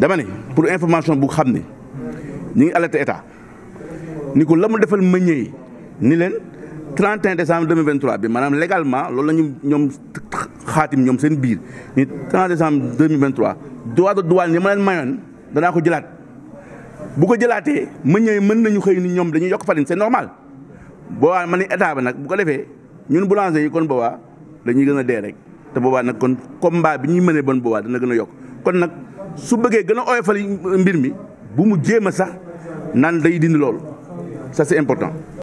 dama ne pour information bu xam ne ñu ngi alerté état ni ko la mu defal meññee ni leen 31 décembre 2023 bi maanaam légalement loolu la ñu ñoom xaatim ñoom seen biir ni 31 décembre 2023 droit de douane yi ma leen mayoon danaa ko jëlaat bu ko jëlaatee meññee mën nañu xëy ni ñoom dañuy yokk farine c'est normal boobaa ma ni état bi nag bu ko defee ñun boulanger yi kon boobaa dañuy gën a dee rek te boobaa nag kon comme mbaa bi ñuy mënee bon boobaa dana gën a yokk su bëggee gën a oyofal mbir mi bu mu jéem a sax nan day dindi loolu ça c'est important.